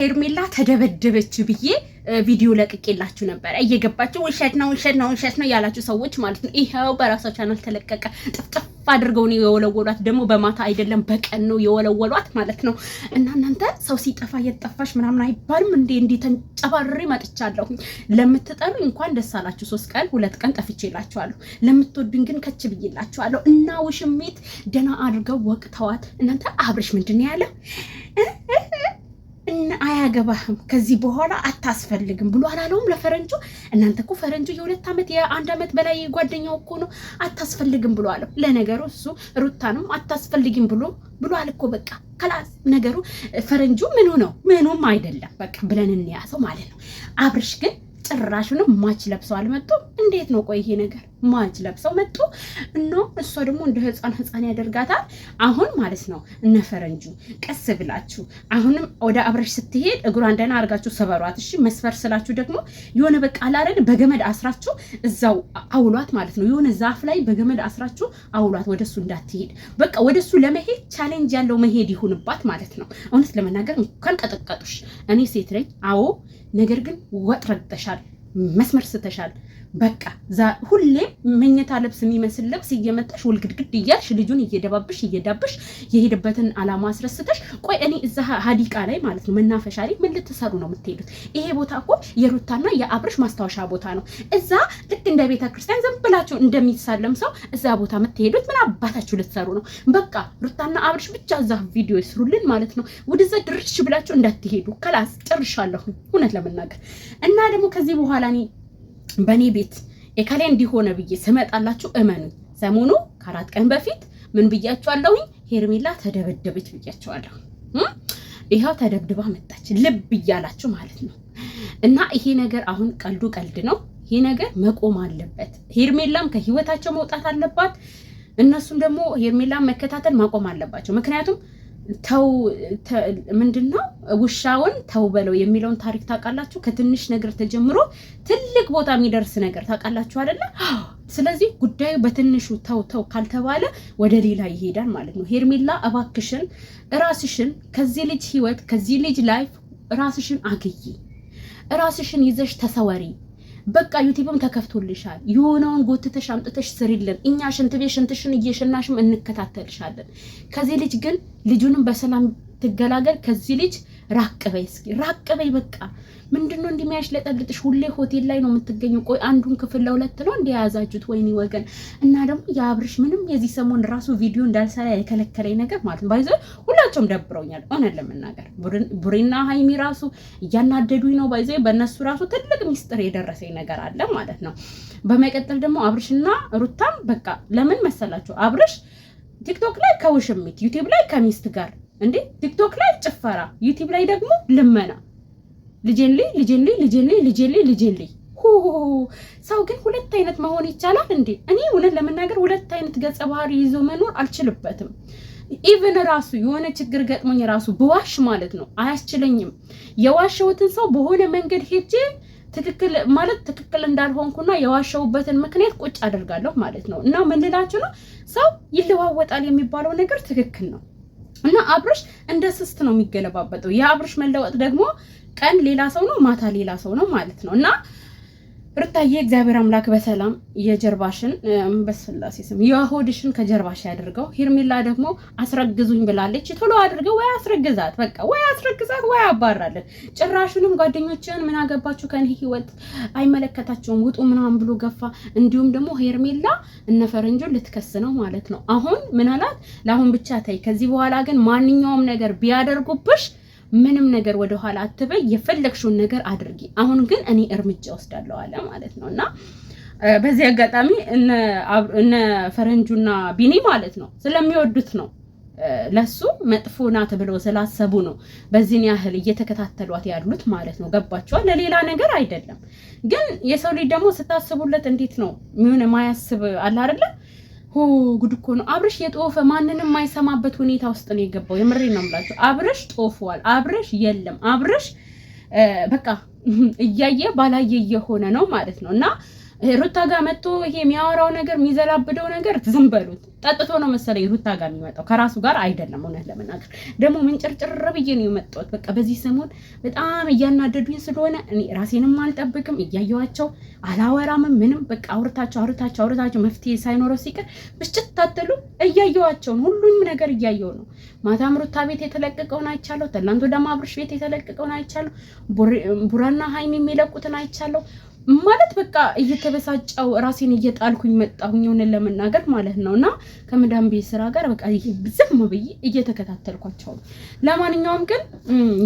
ሄርሜላ ተደበደበች ብዬ ቪዲዮ ለቅቄላችሁ ነበረ። እየገባችሁ ውሸት ነው ውሸት ነው ውሸት ነው ያላችሁ ሰዎች ማለት ነው። ይኸው በራሳው ቻናል ተለቀቀ። ጥፍጥፍ አድርገው ነው የወለወሏት። ደግሞ በማታ አይደለም በቀን ነው የወለወሏት ማለት ነው። እና እናንተ ሰው ሲጠፋ የጠፋሽ ምናምን አይባልም እንዴ? እንዲ ተንጨባሪ መጥቻለሁ። ለምትጠሉ እንኳን ደስ አላችሁ። ሶስት ቀን ሁለት ቀን ጠፍቼላችኋለሁ። ለምትወዱኝ ግን ከች ብዬላችኋለሁ። እና ውሽሜት ደህና አድርገው ወቅተዋት። እናንተ አብርሽ ምንድን ነው ያለ እና አያገባህም ከዚህ በኋላ አታስፈልግም ብሎ አላለውም ለፈረንጁ። እናንተ እኮ ፈረንጁ የሁለት ዓመት የአንድ ዓመት በላይ ጓደኛው እኮ ነው። አታስፈልግም ብሎ አለው። ለነገሩ እሱ ሩታንም አታስፈልግም ብሎ ብሎ አልኮ በቃ ከላስ ነገሩ ፈረንጁ ምኑ ነው ምኑም አይደለም። በቃ ብለን እንያዘው ማለት ነው። አብርሽ ግን ጭራሹንም ማች ለብሰው አልመጡም። እንዴት ነው ቆይ ይሄ ነገር ማጅ ለብሰው መጡ እና እሷ ደግሞ እንደ ህፃን ህፃን ያደርጋታል። አሁን ማለት ነው እነ ፈረንጁ ቀስ ብላችሁ አሁንም ወደ አብረሽ ስትሄድ እግሯን ደህና አድርጋችሁ ሰበሯት። እሺ መስፈር ስላችሁ ደግሞ የሆነ በቃ አላረን በገመድ አስራችሁ እዛው አውሏት ማለት ነው። የሆነ ዛፍ ላይ በገመድ አስራችሁ አውሏት፣ ወደሱ እንዳትሄድ በቃ ወደሱ ለመሄድ ቻሌንጅ ያለው መሄድ ይሁንባት ማለት ነው። እውነት ለመናገር እንኳን ቀጠቀጡሽ። እኔ ሴት ነኝ አዎ፣ ነገር ግን ወጥ ረግጠሻል፣ መስመር ስተሻል በቃ ሁሌም መኝታ ልብስ የሚመስል ልብስ እየመጣሽ ውልግድግድ እያልሽ ልጁን እየደባብሽ እየዳብሽ የሄደበትን አላማ አስረስተሽ፣ ቆይ እኔ እዛ ሀዲቃ ላይ ማለት ነው መናፈሻ ላይ ምን ልትሰሩ ነው የምትሄዱት? ይሄ ቦታ እኮ የሩታና የአብርሽ ማስታወሻ ቦታ ነው። እዛ ልክ እንደ ቤተ ክርስቲያን ዝም ብላችሁ እንደሚሳለም ሰው እዛ ቦታ የምትሄዱት ምን አባታችሁ ልትሰሩ ነው? በቃ ሩታና አብርሽ ብቻ እዛ ቪዲዮ ይስሩልን ማለት ነው። ወደዛ ድርሽ ብላችሁ እንዳትሄዱ። ከላስ ጨርሻለሁ፣ እውነት ለመናገር እና ደግሞ ከዚህ በኋላ እኔ በእኔ ቤት የካሌ እንዲሆነ ብዬ ስመጣላችሁ እመኑ። ሰሞኑ ከአራት ቀን በፊት ምን ብያቸዋለሁኝ? ሄርሜላ ተደበደበች ብያቸዋለሁ። ይኸው ተደብድባ መጣች። ልብ እያላችሁ ማለት ነው። እና ይሄ ነገር አሁን ቀልዱ ቀልድ ነው። ይሄ ነገር መቆም አለበት። ሄርሜላም ከህይወታቸው መውጣት አለባት። እነሱም ደግሞ ሄርሜላም መከታተል ማቆም አለባቸው። ምክንያቱም ተው ምንድነው ውሻውን ተው በለው የሚለውን ታሪክ ታውቃላችሁ። ከትንሽ ነገር ተጀምሮ ትልቅ ቦታ የሚደርስ ነገር ታውቃላችሁ አይደለ? ስለዚህ ጉዳዩ በትንሹ ተው ተው ካልተባለ ወደ ሌላ ይሄዳል ማለት ነው። ሄርሜላ እባክሽን ራስሽን ከዚህ ልጅ ህይወት ከዚህ ልጅ ላይፍ ራስሽን አግይ፣ ራስሽን ይዘሽ ተሰወሪ። በቃ ዩቲብም ተከፍቶልሻል። የሆነውን ጎትተሽ አምጥተሽ ስሪልን፣ እኛ ሽንት ቤት ሽንትሽን እየሸናሽም እንከታተልሻለን። ከዚህ ልጅ ግን ልጁንም በሰላም ትገላገል። ከዚህ ልጅ ራቅ በይ፣ እስኪ ራቅ በይ። በቃ ምንድን ነው እንዲሚያሽ እንደሚያሽለጠልጥሽ? ሁሌ ሆቴል ላይ ነው የምትገኘው። ቆይ አንዱን ክፍል ለሁለት ነው እንደያዛችሁት? ወይኔ ወገን። እና ደግሞ የአብርሽ ምንም የዚህ ሰሞን ራሱ ቪዲዮ እንዳልሰራ የከለከለኝ ነገር ማለት ነው። ባይዘ ሁላቸውም ደብረውኛል፣ እውነት ለመናገር ቡሬና ሀይሚ ራሱ እያናደዱኝ ነው። ባይዘ በእነሱ ራሱ ትልቅ ሚስጥር የደረሰኝ ነገር አለ ማለት ነው። በመቀጠል ደግሞ አብርሽና ሩታም በቃ ለምን መሰላቸው አብርሽ ቲክቶክ ላይ ከውሽሚት ዩቲብ ላይ ከሚስት ጋር እንዴ ቲክቶክ ላይ ጭፈራ፣ ዩቲብ ላይ ደግሞ ልመና። ልጄን ልይ ልጄን ልይ ልጄን ልይ ልይ ልይ። ሰው ግን ሁለት አይነት መሆን ይቻላል እንዴ? እኔ እውነት ለመናገር ሁለት አይነት ገጸ ባህሪ ይዞ መኖር አልችልበትም። ኢቨን ራሱ የሆነ ችግር ገጥሞኝ ራሱ በዋሽ ማለት ነው አያስችለኝም። የዋሸሁትን ሰው በሆነ መንገድ ሄጄ ትክክል ማለት ትክክል እንዳልሆንኩና የዋሸሁበትን ምክንያት ቁጭ አደርጋለሁ ማለት ነው። እና ምንላችሁ ነው ሰው ይለዋወጣል የሚባለው ነገር ትክክል ነው። እና አብርሽ እንደ ስስት ነው የሚገለባበጠው። የአብርሽ መለወጥ ደግሞ ቀን ሌላ ሰው ነው፣ ማታ ሌላ ሰው ነው ማለት ነው እና ሩታዬ እግዚአብሔር አምላክ በሰላም የጀርባሽን በስላሴ ስም የሆድሽን ከጀርባሽ ያድርገው። ሄርሜላ ደግሞ አስረግዙኝ ብላለች። ቶሎ አድርገው ወይ አስረግዛት፣ በቃ ወይ አስረግዛት ወይ አባራለን። ጭራሹንም ጓደኞችን ምን አገባችሁ ከኔ ህይወት አይመለከታቸውም ውጡ ምናምን ብሎ ገፋ። እንዲሁም ደግሞ ሄርሜላ እነ ፈረንጆን ልትከስ ነው ማለት ነው። አሁን ምን አላት? ለአሁን ብቻ ታይ፣ ከዚህ በኋላ ግን ማንኛውም ነገር ቢያደርጉብሽ ምንም ነገር ወደኋላ አትበይ፣ የፈለግሽውን ነገር አድርጊ። አሁን ግን እኔ እርምጃ ወስዳለሁ አለ ማለት ነው እና በዚህ አጋጣሚ እነ ፈረንጁና ቢኒ ማለት ነው ስለሚወዱት ነው ለሱ መጥፎ ናት ብለው ስላሰቡ ነው በዚህን ያህል እየተከታተሏት ያሉት ማለት ነው። ገባችኋል? ለሌላ ነገር አይደለም። ግን የሰው ልጅ ደግሞ ስታስቡለት እንዴት ነው የሚሆነ ማያስብ አለ አይደለም ሆ ጉድ እኮ ነው አብርሽ የጦፈ ማንንም የማይሰማበት ሁኔታ ውስጥ ነው የገባው። የምሬ ነው የምላችሁ። አብርሽ ጦፏል። አብርሽ የለም። አብርሽ በቃ እያየ ባላየ እየሆነ ነው ማለት ነው እና ሩታ ጋር መጥቶ ይሄ የሚያወራው ነገር የሚዘላብደው ነገር ዝም በሉት። ጠጥቶ ነው መሰለኝ ሩታ ጋር የሚመጣው ከራሱ ጋር አይደለም። እውነት ለመናገር ደግሞ ምንጭርጭር ብዬ ነው የመጣሁት። በቃ በዚህ ሰሞን በጣም እያናደዱኝ ስለሆነ እኔ ራሴንም አልጠብቅም፣ እያየኋቸው አላወራምም ምንም። በቃ አውርታቸው አውርታቸው አውርታቸው መፍትሄ ሳይኖረው ሲቀር ብስጭት ታተሉ እያየዋቸው ነው። ሁሉንም ነገር እያየው ነው። ማታም ሩታ ቤት የተለቀቀውን አይቻለሁ። ትናንት ወደ ማብርሽ ቤት የተለቀቀውን አይቻለሁ። ቡራና ሀይሚ የሚለቁትን አይቻለሁ ማለት በቃ እየተበሳጨው ራሴን እየጣልኩኝ መጣሁኝ የሆነ ለመናገር ማለት ነው። እና ከመዳም ቤት ስራ ጋር በቃ ዝም ብዬ እየተከታተልኳቸው ለማንኛውም ግን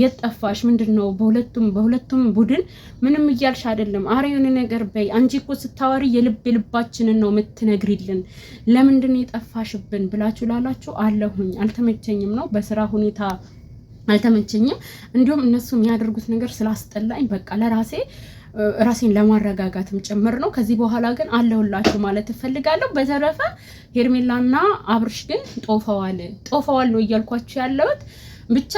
የት ጠፋሽ? ምንድን ነው? በሁለቱም በሁለቱም ቡድን ምንም እያልሽ አይደለም። አረ የሆነ ነገር በይ። አንቺ እኮ ስታወሪ የልብ ልባችንን ነው የምትነግሪልን። ለምንድን የጠፋሽብን ብላችሁ ላላችሁ አለሁኝ። አልተመቸኝም ነው በስራ ሁኔታ አልተመቸኝም። እንዲሁም እነሱ የሚያደርጉት ነገር ስላስጠላኝ በቃ ለራሴ ራሴን ለማረጋጋትም ጭምር ነው። ከዚህ በኋላ ግን አለሁላችሁ ማለት እፈልጋለሁ። በተረፈ ሄርሜላና አብርሽ ግን ጦፈዋል ጦፈዋል ነው እያልኳችሁ ያለሁት። ብቻ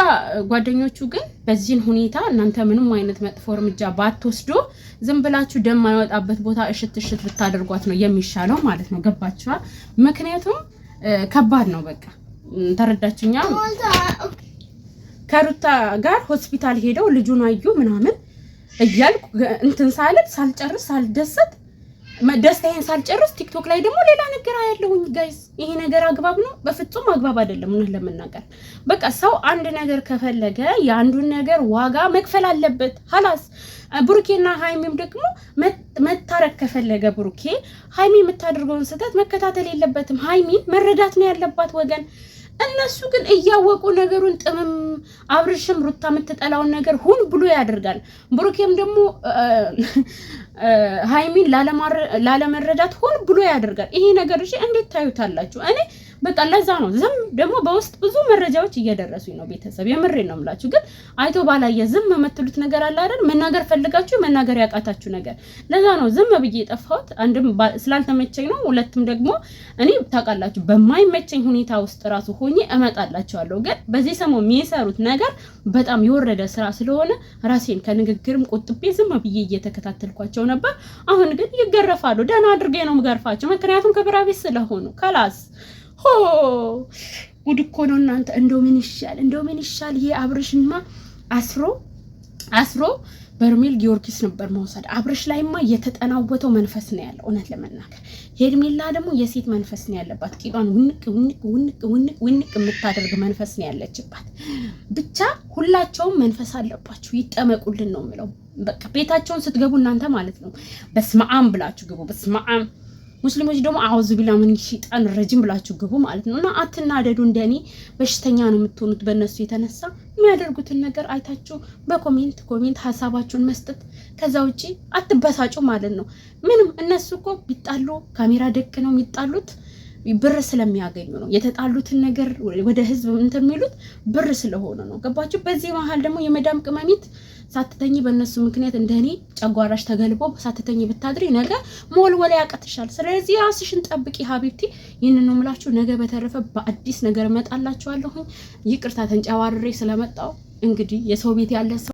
ጓደኞቹ ግን በዚህን ሁኔታ እናንተ ምንም አይነት መጥፎ እርምጃ ባትወስዶ ዝም ብላችሁ ደም ማይወጣበት ቦታ እሽት እሽት ብታደርጓት ነው የሚሻለው ማለት ነው። ገባችኋል? ምክንያቱም ከባድ ነው። በቃ ተረዳችኛ። ከሩታ ጋር ሆስፒታል ሄደው ልጁን አዩ ምናምን እያልኩ እንትን ሳለት ሳልጨርስ ሳልደሰት ደስታዬን ሳልጨርስ ቲክቶክ ላይ ደግሞ ሌላ ነገር አያለሁኝ። ጋይስ ይሄ ነገር አግባብ ነው? በፍጹም አግባብ አይደለም። እውነት ለመናገር በቃ ሰው አንድ ነገር ከፈለገ የአንዱን ነገር ዋጋ መክፈል አለበት። ሀላስ ብሩኬና ሀይሚም ደግሞ መታረቅ ከፈለገ ብሩኬ ሀይሚ የምታደርገውን ስህተት መከታተል የለበትም። ሀይሚ መረዳት ነው ያለባት ወገን እነሱ ግን እያወቁ ነገሩን ጥምም አብርሽም ሩታ የምትጠላውን ነገር ሁን ብሎ ያደርጋል። ብሩኬም ደግሞ ሀይሚን ላለመረዳት ሁን ብሎ ያደርጋል። ይሄ ነገር እሺ እንዴት ታዩታላችሁ? እኔ በቃ ለዛ ነው ዝም ደግሞ በውስጥ ብዙ መረጃዎች እየደረሱኝ ነው ቤተሰብ የምሬ ነው የምላችሁ ግን አይቶ ባላየ ዝም የምትሉት ነገር አለ አይደል መናገር ፈልጋችሁ መናገር ያቃታችሁ ነገር ለዛ ነው ዝም ብዬ የጠፋሁት አንድም ስላልተመቸኝ ነው ሁለትም ደግሞ እኔ ታውቃላችሁ በማይመቸኝ ሁኔታ ውስጥ ራሱ ሆኜ እመጣላችኋለሁ ግን በዚህ ሰሞን የሚሰሩት ነገር በጣም የወረደ ስራ ስለሆነ ራሴን ከንግግርም ቁጥቤ ዝም ብዬ እየተከታተልኳቸው ነበር አሁን ግን ይገረፋሉ ደህና አድርጌ ነው ምገርፋቸው ምክንያቱም ከብራቤት ስለሆኑ ከላስ ሆ ጉድ እኮ ነው እናንተ። እንደው ምን ይሻል እንደው ምን ይሻል? ይሄ አብርሽማ አስሮ አስሮ በርሜል ጊዮርጊስ ነበር መውሰድ። አብርሽ ላይማ የተጠናወተው መንፈስ ነው ያለው እውነት ለመናገር ሄርሜላ ደግሞ የሴት መንፈስ ነው ያለባት። ቂጧን ውንቅ ውንቅ ውንቅ ውንቅ ውንቅ የምታደርግ መንፈስ ነው ያለችባት። ብቻ ሁላቸውም መንፈስ አለባችሁ። ይጠመቁልን ነው የምለው። በቃ ቤታቸውን ስትገቡ እናንተ ማለት ነው በስመ አብ ብላችሁ ግቡ። በስመ አብ ሙስሊሞች ደግሞ አውዝ ቢላ ምን ሸይጣን ረጅም ብላችሁ ግቡ ማለት ነው። እና አትናደዱ። እንደኔ በሽተኛ ነው የምትሆኑት በእነሱ የተነሳ የሚያደርጉትን ነገር አይታችሁ በኮሜንት ኮሜንት ሀሳባችሁን መስጠት፣ ከዛ ውጪ አትበሳጩ ማለት ነው። ምንም እነሱ እኮ ቢጣሉ ካሜራ ደቅ ነው የሚጣሉት ብር ስለሚያገኙ ነው። የተጣሉትን ነገር ወደ ህዝብ እንትን የሚሉት ብር ስለሆነ ነው። ገባችሁ? በዚህ መሀል ደግሞ የመዳም ቅመሚት ሳትተኝ በእነሱ ምክንያት እንደኔ ጨጓራሽ ተገልቦ ሳትተኝ ብታድሪ ነገ መወልወል ያቀትሻል። ስለዚህ ራስሽን ጠብቂ ሀቢብቲ። ይህንን ምላችሁ ነገ በተረፈ በአዲስ ነገር እመጣላችኋለሁኝ። ይቅርታ ተንጨባርሬ ስለመጣው እንግዲህ የሰው ቤት ያለ ሰው